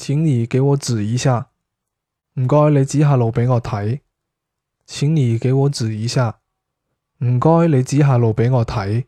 請你給我指一下，唔該你指下路俾我睇。請你給我指一下，唔該你指下路俾我睇。